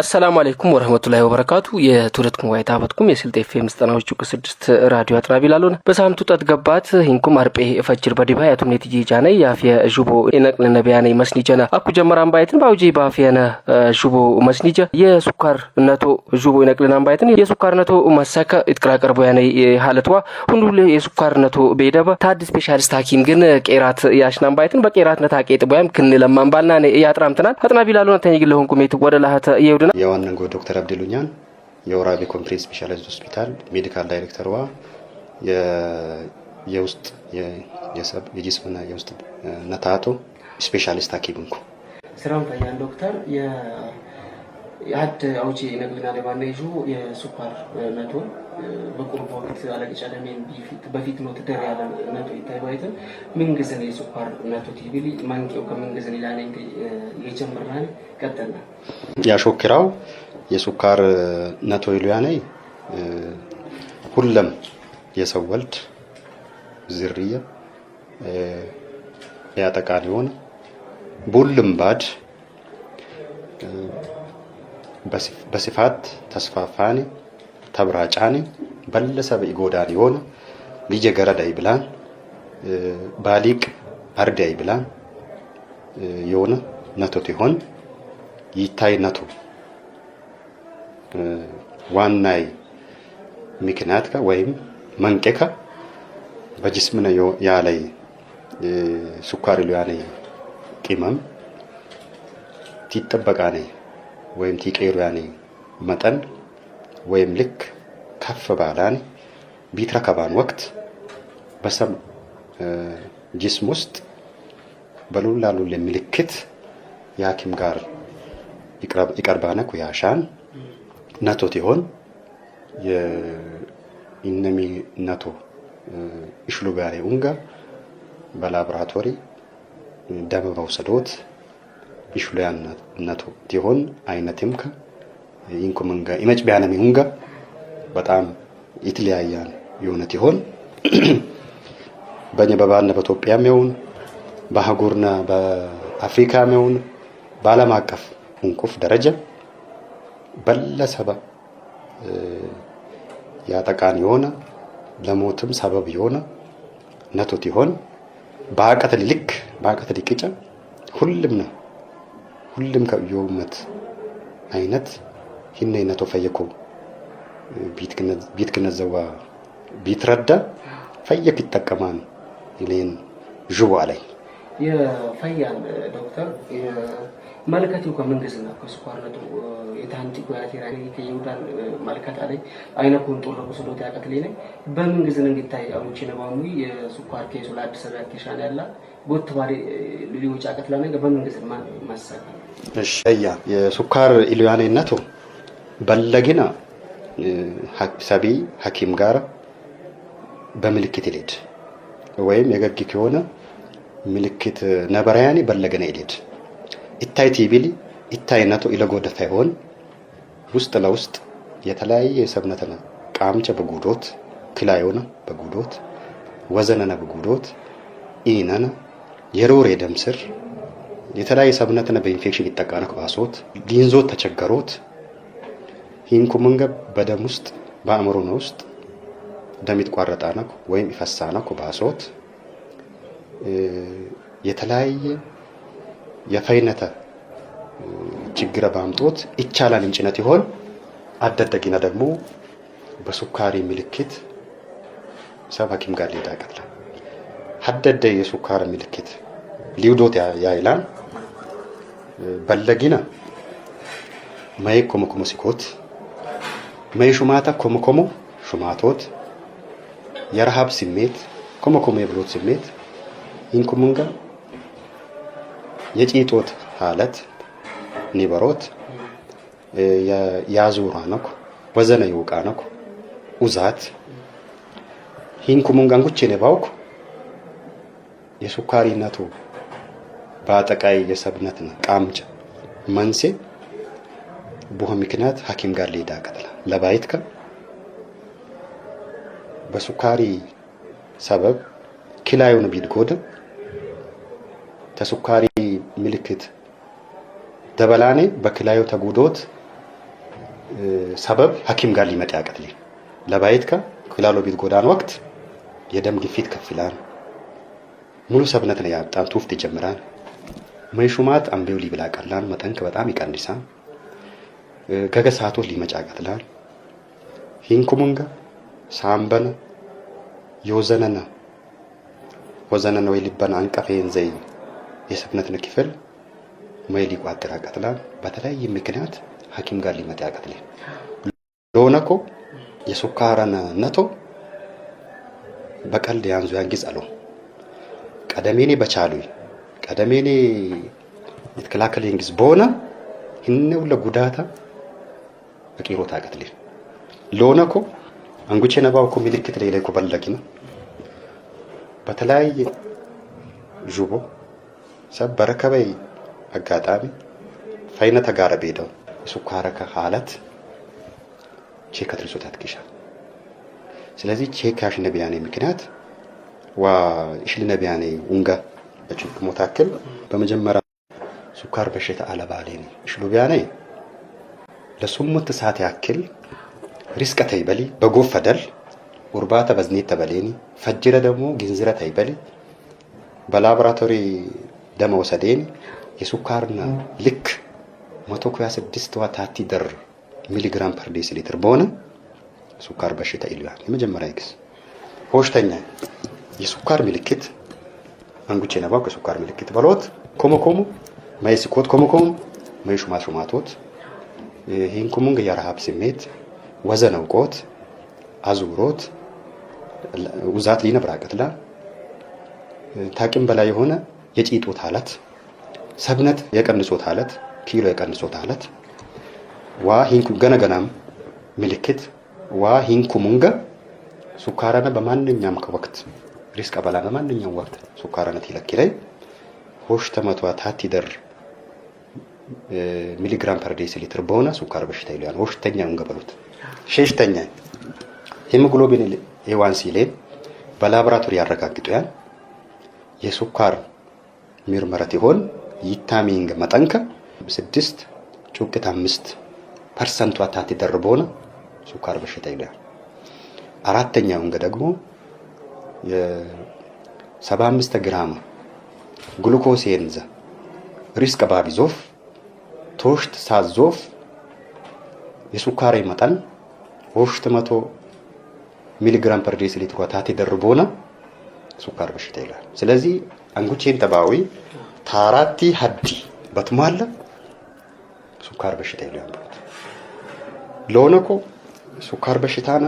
አሰላሙ አለይኩም ወረህመቱላሂ ወበረካቱ የትውለት ኩምዋይ ታበትኩም የስልጤ ኤፍኤም ዘጠናዎች ጩቅ ስድስት ራዲዮ አጥራቢ ላልሆነ በሳምንቱ ጠት ገባት ሂንኩም አርጴ ፈጅር በዲባ ያቱምኔት ጂጃነ የአፍየ ዥቦ የነቅል ነቢያነ መስኒጀነ አኩ ጀመራን ባየትን በአውጂ በአፍየነ ዥቦ መስኒጀ የሱካር ነቶ ዥቦ የነቅልናን ባየትን የሱካር ነቶ መሰከ ቀርቦ ያነ ሀለትዋ ሁንዱ የሱካር ነቶ ቤደበ ታድ ስፔሻሊስት ሐኪም ግን ቄራት ያሽናን ባየትን በቄራት ነታ ቄጥ ቦያም ክንለማን ባልና ያጥራምትናል አጥናቢ ላልሆነ ወደ ላህተ የውደ ይወስዱናል። የዋነንጎ ዶክተር አብዲሉኛን የወራቤ ኮምፕሬ ስፔሻላይዝድ ሆስፒታል ሜዲካል ዳይሬክተርዋ የውስጥ የሰብ የጅስምና የውስጥ ነታቶ ስፔሻሊስት ሐኪም እንኩ ስራም ታያን ዶክተር ሀድ አውጪ ይነግልናል። የማናይዙ የሱኳር መቶን በቁርብ ወቅት አለቅጫ ደሜን በፊት ነው ትደር ያለ መቶ ይታይባይትን ምንግዝን የሱኳር መቶ ቲቪል ማንቄው ከምንግዝን ይላለ የጀምራን ቀጠልና ያሾኪራው የሱኳር ነቶ ይሉያነይ ሁለም የሰው ወልድ ዝርየ ያጠቃል ይሆን ቡልም ባድ በስፋት ተስፋፋኒ ተብራጫኒ በለሰ በኢጎዳን የሆነ ቢጀ ገረዳ ብላ ባሊቅ አርዳ ብላ የሆነ ነቶት ይሆን ይታይ ነቶ ዋናይ ምክንያት ከ ወይም መንቀከ በጅስምነ ያላይ ስኳር ሊያኔ ቅመም ትጠበቃኔ ወይም ቲቄሩያኒ መጠን ወይም ልክ ከፍ ባላን ቢትረከባን ወቅት በሰም ጅስም ውስጥ በሉላ ሉሌ ምልክት የሐኪም ጋር ይቀርባነ ኩያሻን ነቶት ይሆን የኢነሚ ነቶ እሽሉ ጋር ኡንጋ በላብራቶሪ ደም በውሰዶት ይሹላያነቱ ከ አይነትምከ ይንኩምንገ ኢመጭ ቢያነም ይሁንገ በጣም የተለያያን የሆነ ይሆን በኛ በባህልና በኢትዮጵያ ይሁን በአህጉርና በአፍሪካ ይሁን በዓለም አቀፍ እንቁፍ ደረጃ በለ ሰበብ ያጠቃን የሆነ ለሞትም ሰበብ የሆነ ነቶት ይሆን በአቀተ ልክ በአቀተ ልቅጫ ሁሉም ነው ሁሉም አይነት ይህን አይነት ሂነይነቶ ፈየኮ ቤት ክነዘዋ ቢትረዳ ፈየክ ይጠቀማን ይሌን ዥቧ ላይ የፈያን ዶክተር መልከት ይኮ መንግስና ከስኳርነቱ የታንቲ ጓቴራ ከይሁዳን መልከት አለ አይነ ኮንቶ ለቁስሎት ያቀትሌ በመንግስት ንግታይ አሁንቺ ነባሙ የስኳር ኬሱ ለአዲስ አበባ ኬሻን ያላ ቦትባሪ ልዩጫ ቀጥላነ የሱካር ኢልያኔነቱ በለግና ሰቢ ሐኪም ጋር በምልክት ይሌድ ወይም የገግ ከሆነ ምልክት ነበራያኒ በለገና ይሌድ ኢታይ ቲቢል ኢታይነቱ ኢለጎደታ አይሆን ውስጥ ለውስጥ የተለያየ የሰብነተነ ቃምጨ በጉዶት ክላዮነ በጉዶት ወዘነነ በጉዶት ኢነና የሮር የደም ስር የተለያየ ሰብነትን በኢንፌክሽን ይጠቃነ ባሶት ሊንዞት ተቸገሮት ሂንኩምንገብ በደም ውስጥ በአእምሮ ነው ውስጥ ደም ይትቋረጣ ነው ወይም ይፈሳ ነው ባሶት የተለያየ የፈይነተ ችግረ ባምጦት ይቻላል እንጭነት ይሆን አደደቂና ደግሞ በሱካሪ ምልክት ሰብ ሐኪም ጋር ሊዳቀጥላ ሀደደ የሱካር ምልክት ሊውዶት ያይላን በለጊነ መይ ኮመኮሞ ሲኮት መይ ሹማታ ኮመኮሞ ሹማቶት የረሃብ ስሜት ኮመኮሞ የብሎት ስሜት ኢንኩሙንጋ የጪጦት ሀለት ኒበሮት ያዙራ ነኩ ወዘነ ይውቃ ነኩ ኡዛት ሂንኩሙንጋንጉቼ ነባውኩ የሱካሪነቱ በአጠቃይ የሰብነትና ቃምጭ መንሴ ብሆ ምክንያት ሐኪም ጋር ሊዳ ቀጥላ ለባይት ከ በሱካሪ ሰበብ ኪላዩን ቢድጎደ ተሱካሪ ምልክት ደበላኔ በክላዩ ተጉዶት ሰበብ ሐኪም ጋር ሊመጣ ያቀጥል ለባይት ከ ክላሎ ቢድጎዳን ወቅት የደም ግፊት ከፍላን ሙሉ ሰብነት ነው ያጣን ቱፍት ይጀምራል መሹማት አንቤው ሊብላ ቀላን መጠንክ በጣም ይቀንሳ ገገሳቶ ሊመጫቀትላል ሂንኩሙንጋ ሳምበነ ዮዘነነ ወዘነነ ወይ ሊበና አንቀፌን ዘይ የሰብነትን ክፍል መይ ሊቋጥራ አቀትላል በተለያየ ምክንያት ሐኪም ጋር ሊመጣ ያቀትል ለሆነኮ ነቶ በቀል ያንዙ ያንጊ አለው ቀደሜኔ በቻሉኝ ቀደሜ ቀደሜኔ የተከላከለ እንግዲህ በሆነ ህነው ለጉዳታ በቂሮታ ለሆነ ለሆነኮ አንጉቼ ነባው ነባውኮ ምልክት ላይ ላይ ላይኮ በለቂና በተለያየ ዥቦ ሰብ በረከበይ አጋጣሚ ፈይነ ተጋረ ቤደው የሱካረከ ሀላት ቼክ አትርሶት አትቅሻ ስለዚህ ቼካሽ ነቢያኔ ምክንያት ዋ እሽል ነቢያኔ ውንጋ በችኩ ሞታክል በመጀመሪያ ሱካር በሽታ አለባሌኒ ሽሉቢያኔ ለሱሙት ሰዓት ያክል ሪስቀ ተይበሊ በጎፍ ፈደል ኡርባተ በዝኔት ተበሌኒ ፈጅረ ደግሞ ግንዝረ ተይበሊ በላቦራቶሪ ደመ ወሰዴኒ የሱካርና ልክ መቶ ኩያ ስድስት ዋ ደር ሚሊግራም ፐር ዴሲ ሊትር በሆነ ሱካር በሽታ ይልጋል የመጀመሪያ ግስ ሆሽተኛ የሱካር ምልክት አንጉቼ ነባ ከስኳር ምልክት በሎት ኮሞ ኮሙ ማይ ስኮት ኮሞ ሹማቶት ይህን ኩሙንግ የረሃብ ስሜት ወዘን አውቆት አዙሮት ውዛት ሊነብራቀትላ ታቂም በላይ የሆነ የጪጦት አለት ሰብነት የቀንሶት አለት ኪሎ የቀንሶት አለት ዋ ሂንኩ ገነ ምልክት ዋ ሂንኩ ሙንገ ሱካራነ በማንኛውም ወቅት ሪስክ ቀበላ በማንኛውም ወቅት ሱካራነት ይለኪ ላይ ሆሽ ተመቷ ታቲ ደር ሚሊግራም ፐር ዴሲ ሊትር በሆነ ሱካር በሽታ ይለዋል። ሆሽተኛ እንገበሉት ሸሽተኛ ሄሞግሎቢን ኤዋንሲ ላይ በላብራቶሪ ያረጋግጡ ያን የሱካር ምርመረት ይሆን ይታሚንግ መጠንከ ስድስት ጩቅት አምስት ፐርሰንቷ ታቲ ደር በሆነ ሱካር በሽታ ይለዋል። አራተኛው እንገ ደግሞ የ75 ግራም ግሉኮስ የንዘ ሪስ ቀባቢዞፍ ቶሽት ሳዞፍ የሱካሬ መጠን ኦሽት መቶ ሚሊግራም ፐር ዴሲ ሊትር ወታት ደርቦና ሱካር በሽታ ይላል። ስለዚህ አንጉቼን ተባዊ ታራቲ ሀዲ በትማለ ሱካር በሽታ ይላል። ለሆነ እኮ ሱካር በሽታና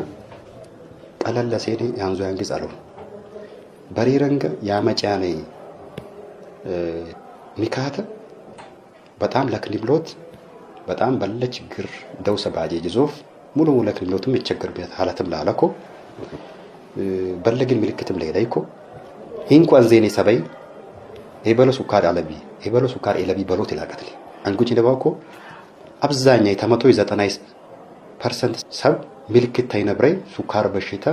ቀለለ ሴኔ ያንዙ ያንጊ አለው በሪረንገ ያመጫ ነኝ ሚካተ በጣም ለክሊብሎት በጣም በለ ችግር ደውሰ ባጄ ጅዞፍ ሙሉ ሙሉ ለክሊብሎትም ይቸግር ቤት ሀለትም ላለኮ በለ ግን ምልክትም ለሄዳይኮ ይንኳን ዜኔ ሰበይ የበለ ሱካር አለቢ የበለ ሱካር ኤለቢ በሎት ይላቀትል አንጉጭ ደባኮ አብዛኛ የተመቶ የዘጠና ፐርሰንት ሰብ ምልክት ታይነብረይ ሱካር በሽታ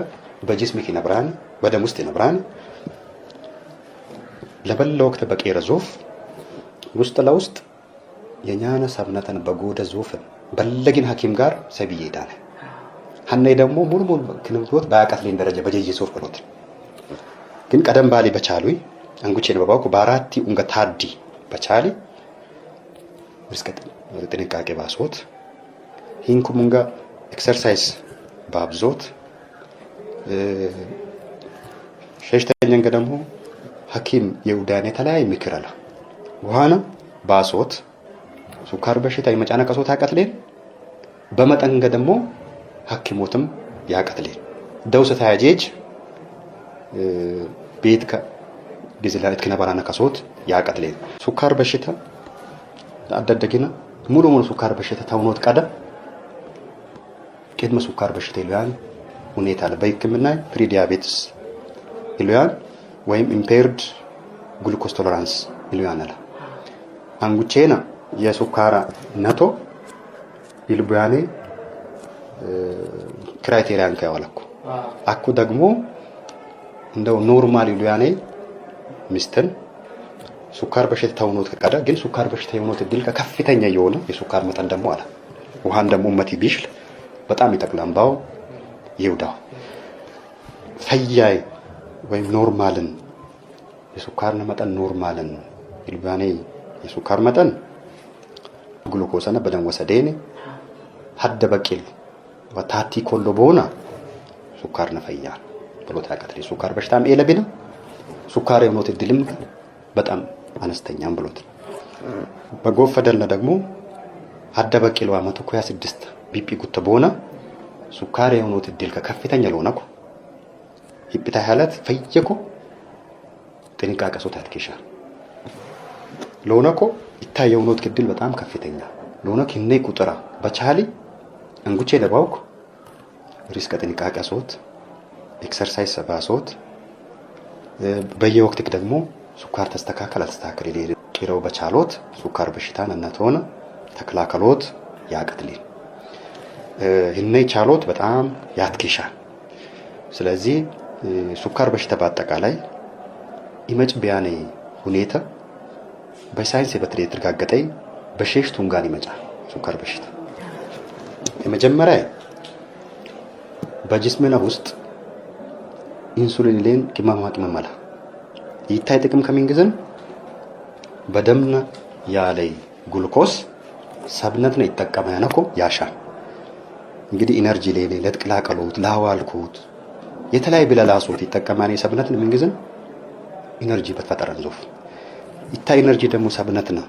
በጂስሚክ ይነብርሃን፣ በደም ውስጥ ይነብራን ለበለ ወቅት በቄረ ዞፍ ውስጥ ለውስጥ የኛነ ሰብነተን በጎደ ዞፍን በለግን ሐኪም ጋር ሰብዬ ዳነ ሀነ ደግሞ ሙሉ ሙሉ ክንብሮት ላይ ደረጃ በጀየ ሶፍ ሆኖት ግን ቀደም ባሌ በቻሉ አንጉቼን በባኩ በአራቲ ኡንገ ታዲ በቻሊ ርስቀት ጥንቃቄ ባስወት ሂንኩ ሙንጋ ኤክሰርሳይዝ ባብዞት ሸሽተኛን ደግሞ ሐኪም የውዳን ተለያይ ምክር አለ ውሃነ ባሶት ሱካር በሽታ የመጫነቀሶት ያቀትሌን በመጠንገ ደግሞ ሐኪሞትም ያቀትሌን ደውሰ ተያጄጅ ቤት ጊዜላ እትክነ ባናነ ከሶት ያቀትሌን ሱካር በሽታ አደደግና ሙሉ ሙሉ ሱካር በሽታ ተውኖት ቀደም ቅድመ ሱካር በሽታ ይሉያን ሁኔታ አለ። በህክምና ፕሪዲያቤትስ ኢሉያን ወይም ኢምፔርድ ግሉኮስ ቶለራንስ ኢሉያን አለ አንጉቼና የሱካራ ነቶ ይልቡያኔ ክራይቴሪያን ከያዋለኩ አኩ ደግሞ እንደው ኖርማል ይሉያኔ ሚስትን ሱካር በሽታ ተውኖት ከቀደ ግን ሱካር በሽታ የሆኖት እድል ከከፍተኛ የሆነ የሱካር መጠን ደግሞ አለ ውሃን ደግሞ መቲ ቢሽል በጣም ይጠቅላምባው ይውዳ ፈያይ ወይም ኖርማልን የሱካርን መጠን ኖርማልን ይልባኔ የሱካር መጠን ግሉኮሰነ በደም ወሰደኔ ሀደ በቂል ወታቲ ኮሎ በሆነ ሱካር ነፈያ ብሎ ተናቀተ ሱካር በሽታም ኤለቢና ሱካር የሆኖት እድልም በጣም አነስተኛም ብሎት በጎፈደልነ ደግሞ ሀደ በቂል ዋ መቶ ኩያ ጉተ በሆነ ሱካር የሆኑት እድል ከከፍተኛ ለሆነ እኮ ህብታ ያለት ፈየኮ ጥንቃቄ ሶታት ኬሻ ለሆነ እኮ ይታ የሆኑት እድል በጣም ከፍተኛ ለሆነ ክኔ ቁጥራ በቻሊ እንጉቼ ለባውኩ ሪስክ ጥንቃቄ ሶት ኤክሰርሳይዝ ሰባ ሶት በየወቅት ደግሞ ሱካር ተስተካከል አልተስተካከል ቂረው በቻሎት ሱካር በሽታን እናተሆነ ተከላከሎት ያቀትልን ህነይ ቻሎት በጣም ያትኪሻል። ስለዚህ ሱካር በሽታ በአጠቃላይ ኢመጭ ቢያኔ ሁኔታ በሳይንስ በትር የተረጋገጠ በሼሽቱን ጋር ይመጫል። ሱካር በሽታ የመጀመሪያ በጅስምና ውስጥ ኢንሱሊን ሌን ቅመማ ቅመመላ ይታይ ጥቅም ከምን ጊዜም በደምና ያለ ጉልኮስ ነው ይጠቀመ ያነኮ ያሻል እንግዲህ ኢነርጂ ሌሌ ለጥቅላቀሎት ለሃዋልኮት የተለያየ ብለላሶት ይጠቀማኔ ሰብነትን ምንጊዜም ኢነርጂ በተፈጠረን ዞፍ ይታይ ኢነርጂ ደግሞ ሰብነትና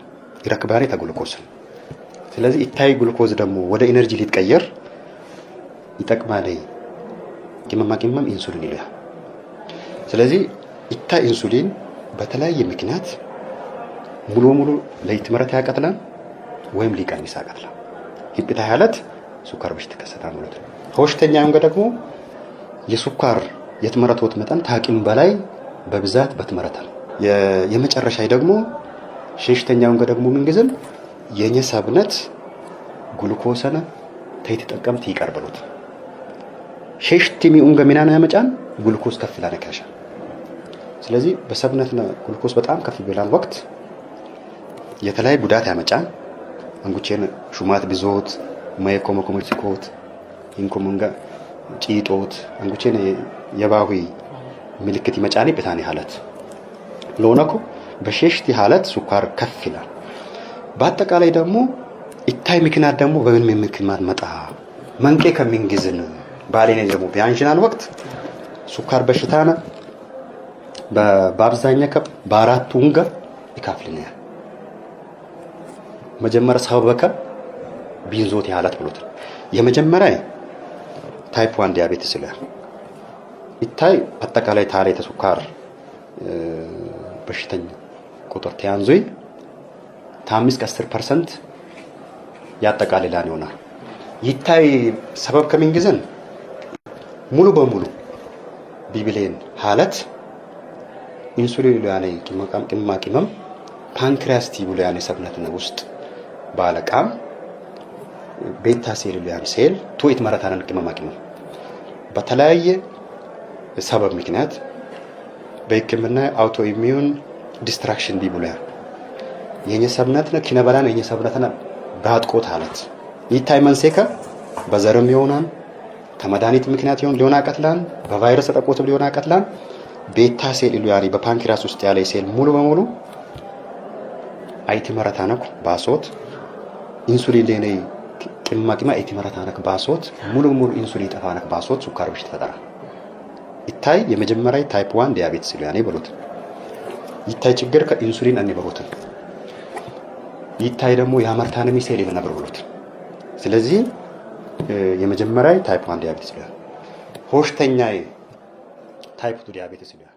ይረክባኔ ተጉልኮስን ስለዚህ ይታይ ጉልኮዝ ደግሞ ወደ ኢነርጂ ሊትቀየር ይጠቅማኔ ቅመማ ቅመም ኢንሱሊን ይላል። ስለዚህ ይታይ ኢንሱሊን በተለያየ ምክንያት ሙሉ ሙሉ ለይትመረት ያቀጥላል ወይም ሊቀንስ ያቀጥላል። ህብታ ያለት ስኳር በሽታ ይከሰታል ማለት ነው። ከበሽተኛ የሆነ ደግሞ የስኳር የትመረቶት መጠን ታቂም በላይ በብዛት በትመረታል። የመጨረሻ ደግሞ ሸሽተኛውን የሆነ ደግሞ ምንጊዜም የእኛ ሰብነት ጉልኮሰነ ተይ ተጠቀምት ይቀርበሉት ሸሽቲ ሚኡን ገሚናና ያመጫን ጉልኮስ ከፍ ይላል ከሻ ስለዚህ በሰብነትና ጉልኮስ በጣም ከፍ ቢላን ወቅት የተለያየ ጉዳት ያመጫን አንጉቼን ሹማት ብዞት መየቆመ ኮመርሲኮት ኢንኮሙንጋ ጪጦት አንጉቼን የባሁይ ምልክት ይመጫኒ በታኒ ሀለት ለሆነኩ በሼሽቲ ሀለት ሱኳር ከፍ ይላል። በአጠቃላይ ደግሞ ኢታይ ምክንያት ደግሞ በምን ምን ምክንያት መጣ መንቄ ከሚንግዝን ባሌ ባሌኔ ደግሞ ቢያንሽናን ወቅት ሱኳር በሽታ ነ በአብዛኛ ከብ በአራቱ ንገብ ይካፍልናል መጀመሪያ ሰው ከብ ቢንዞት ያላት ብሎት የመጀመሪያ ታይፕ 1 ዲያቤትስ ይላል። ይታይ አጠቃላይ ታሪ የተሱካር በሽተኛ ቁጥር ተያንዞ ታምስት ከአስር ፐርሰንት ያጠቃልላን ይሆናል። ይታይ ሰበብ ከምን ጊዜን ሙሉ በሙሉ ቢብሌን ሀለት ኢንሱሊን ሉያኔ ቅመማ ቅመም ፓንክሪያስቲ ብሎ ያኔ ሰብነት ውስጥ ባለቃም ቤታ ሴሪሊያን ሴል ቱኢት መረታንን ቅመማ ቅመም በተለያየ ሰበብ ምክንያት በሕክምና አውቶ ኢሚዩን ዲስትራክሽን ዲቡላር የኛ ሰብነት ነው ኪነበላን የኛ ሰብነት ነው ባጥቆት አለት ይታይ መንሴከ በዘርም ይሆናል ከመድኃኒት ምክንያት ይሆን ሊሆን አቀትላን በቫይረስ ተጠቆት ሊሆን አቀትላን ቤታ ሴል ኢሉያሪ በፓንክሪያስ ውስጥ ያለ ሴል ሙሉ በሙሉ አይቲ ነው ባሶት ኢንሱሊን ለኔ qimma dhima itti marataanak ሙሉ mulu mulu insulii xafaanak baasoot sukkaar ይታይ የመጀመሪያ ታይፕ ዋን ዲያቤትስ ያኔ በሉት ይታይ ችግር ከኢንሱሊን እኔ በሉትም ይታይ ደግሞ የአመርታንሚ ሴል ነበር ብሎት ስለዚህ የመጀመሪያ ታይፕ ዋን ዲያቤት ይላል ሆሽተኛ ታይፕ ቱ ዲያቤት ይላል